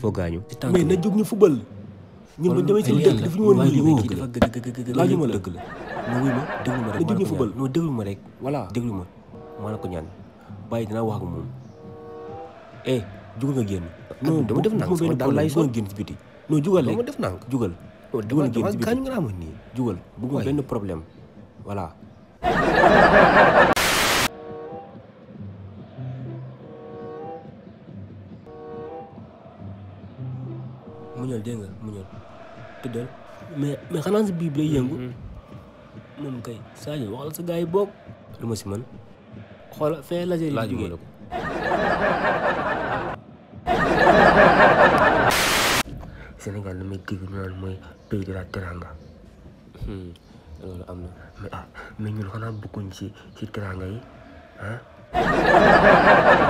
foo gaañu. mais na jóg ñu fubal. ñun bu demee ci dëkk dafa ñu woon lii woo gën a laaju ma la dëgg la. ma wuy ma déglu ma rek na jóg ñu fubal non déglu ma rek. voilà déglu ma maa la ko ñaan bàyyi dinaa wax ak moom. eh jugal nga génn. Ah, non dama def nànk sama daal laay soo génn ci biti. non jugal rek dama def nànk jugal. jugal génn ci biti jugal bu ma benn problème voilà. muñal dégg nga muñal tëddal mais mais xanaa sa biir bi mm-hmm. moom kay Sadio wax la yi boog lu ma si man xoola fee lajëri laaj ma la ko naan mooy pays de la teranga hmm, loolu am na mais ah